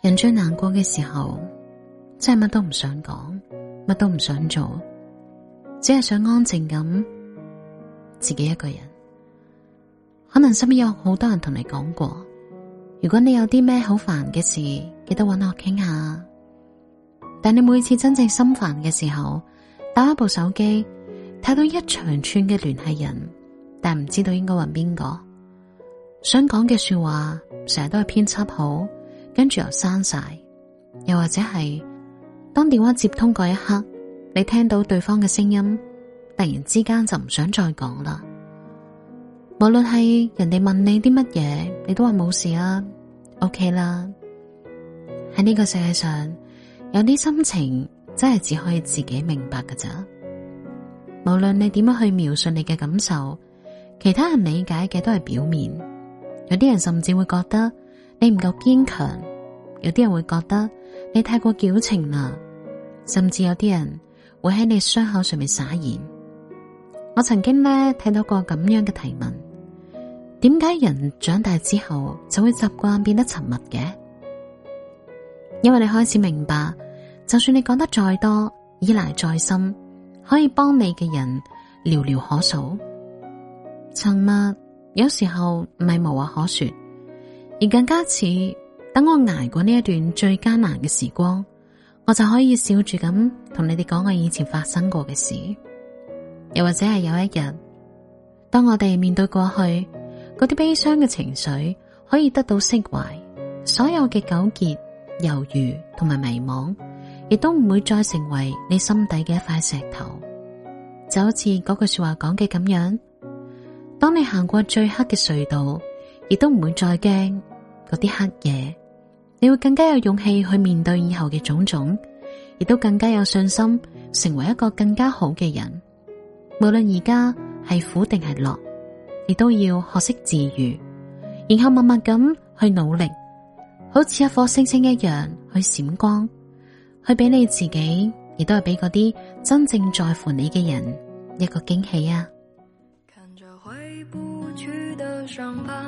人最難過嘅時候，真係乜都唔想講，乜都唔想做，只係想安靜咁自己一個人。可能身邊有好多人同你講過，如果你有啲咩好煩嘅事，記得搵我傾下。但你每次真正心煩嘅時候，打開部手機，睇到一長串嘅聯繫人，但唔知道應該問邊個，想講嘅說話成日都係編輯好。跟住又刪晒，又或者係當電話接通嗰一刻，你聽到對方嘅聲音，突然之間就唔想再講啦。無論係人哋問你啲乜嘢，你都話冇事啊。OK 啦。喺呢個世界上，有啲心情真係只可以自己明白噶咋。無論你點樣去描述你嘅感受，其他人理解嘅都係表面。有啲人甚至會覺得你唔夠堅強。有啲人會覺得你太過矯情啦，甚至有啲人會喺你傷口上面撒鹽。我曾經呢睇到過咁樣嘅提問：點解人長大之後就會習慣變得沉默嘅？因為你開始明白，就算你講得再多，依賴再深，可以幫你嘅人寥寥可數。沉默有時候唔係無話可說，而更加似。等我捱過呢一段最艱難嘅時光，我就可以笑住咁同你哋講我以前發生過嘅事，又或者係有一日，當我哋面對過去嗰啲悲傷嘅情緒，可以得到釋懷，所有嘅糾結、猶豫同埋迷惘，亦都唔會再成為你心底嘅一塊石頭。就好似嗰句說話講嘅咁樣，當你行過最黑嘅隧道，亦都唔會再驚嗰啲黑夜。你會更加有勇氣去面對以後嘅種種，亦都更加有信心成為一個更加好嘅人。無論而家係苦定係樂，你都要學識自愈，然後默默咁去努力，好似一顆星星一樣去閃光，去俾你自己，亦都係俾嗰啲真正在乎你嘅人一個驚喜啊！看着回不去的傷疤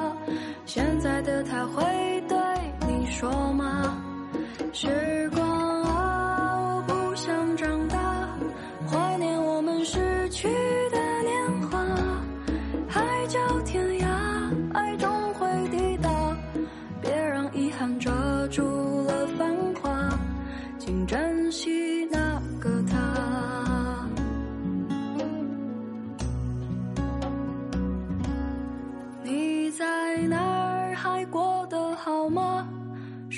佢會對你說嗎？是